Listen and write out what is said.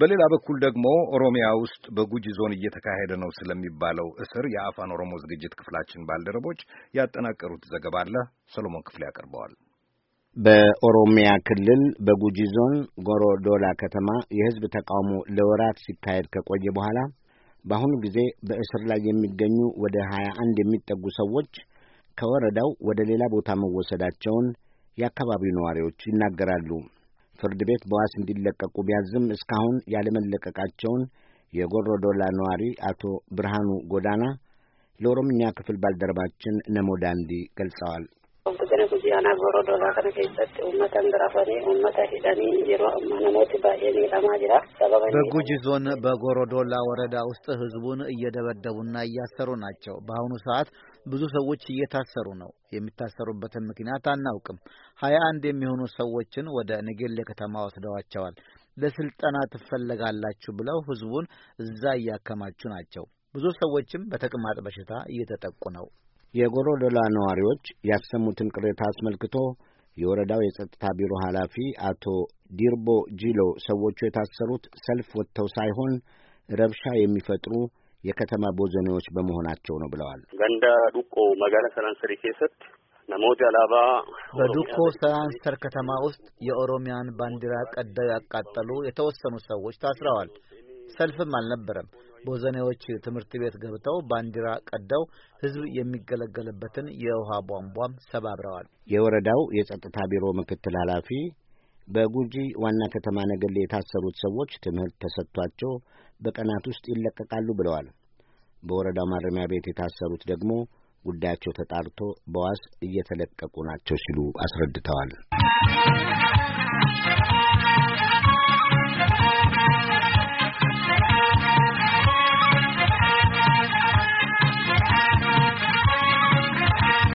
በሌላ በኩል ደግሞ ኦሮሚያ ውስጥ በጉጂ ዞን እየተካሄደ ነው ስለሚባለው እስር የአፋን ኦሮሞ ዝግጅት ክፍላችን ባልደረቦች ያጠናቀሩት ዘገባ አለ። ሰሎሞን ክፍሌ ያቀርበዋል። በኦሮሚያ ክልል በጉጂ ዞን ጎሮዶላ ከተማ የህዝብ ተቃውሞ ለወራት ሲካሄድ ከቆየ በኋላ በአሁኑ ጊዜ በእስር ላይ የሚገኙ ወደ ሀያ አንድ የሚጠጉ ሰዎች ከወረዳው ወደ ሌላ ቦታ መወሰዳቸውን የአካባቢው ነዋሪዎች ይናገራሉ። ፍርድ ቤት በዋስ እንዲለቀቁ ቢያዝም እስካሁን ያለመለቀቃቸውን የጎሮዶላ ነዋሪ አቶ ብርሃኑ ጎዳና ለኦሮምኛ ክፍል ባልደረባችን ነሞዳንዲ ገልጸዋል። ayyaana gooroo kana keessatti ummatan garafanii ummata hidhanii yeroo amma namooti baay'ee miidhamaa jira sababa በጉጂ ዞን በጎሮዶላ ወረዳ ውስጥ ህዝቡን እየደበደቡና እያሰሩ ናቸው። በአሁኑ ሰዓት ብዙ ሰዎች እየታሰሩ ነው። የሚታሰሩበትን ምክንያት አናውቅም። ሀያ አንድ የሚሆኑ ሰዎችን ወደ ንጌሌ ከተማ ወስደዋቸዋል። ለስልጠና ትፈለጋላችሁ ብለው ህዝቡን እዛ እያከማቹ ናቸው። ብዙ ሰዎችም በተቅማጥ በሽታ እየተጠቁ ነው። የጎሮዶላ ነዋሪዎች ያሰሙትን ቅሬታ አስመልክቶ የወረዳው የጸጥታ ቢሮ ኃላፊ አቶ ዲርቦ ጂሎ ሰዎቹ የታሰሩት ሰልፍ ወጥተው ሳይሆን ረብሻ የሚፈጥሩ የከተማ ቦዘኔዎች በመሆናቸው ነው ብለዋል። ገንዳ ዱቆ መጋለ ሰናንሰሪ ኬሰት ነሞት አላባ በዱቆ ሰናንሰር ከተማ ውስጥ የኦሮሚያን ባንዲራ ቀደው ያቃጠሉ የተወሰኑ ሰዎች ታስረዋል። ሰልፍም አልነበረም። ቦዘኔዎች ትምህርት ቤት ገብተው ባንዲራ ቀደው ሕዝብ የሚገለገልበትን የውሃ ቧንቧም ሰባብረዋል። የወረዳው የጸጥታ ቢሮ ምክትል ኃላፊ በጉጂ ዋና ከተማ ነገሌ የታሰሩት ሰዎች ትምህርት ተሰጥቷቸው በቀናት ውስጥ ይለቀቃሉ ብለዋል። በወረዳው ማረሚያ ቤት የታሰሩት ደግሞ ጉዳያቸው ተጣርቶ በዋስ እየተለቀቁ ናቸው ሲሉ አስረድተዋል።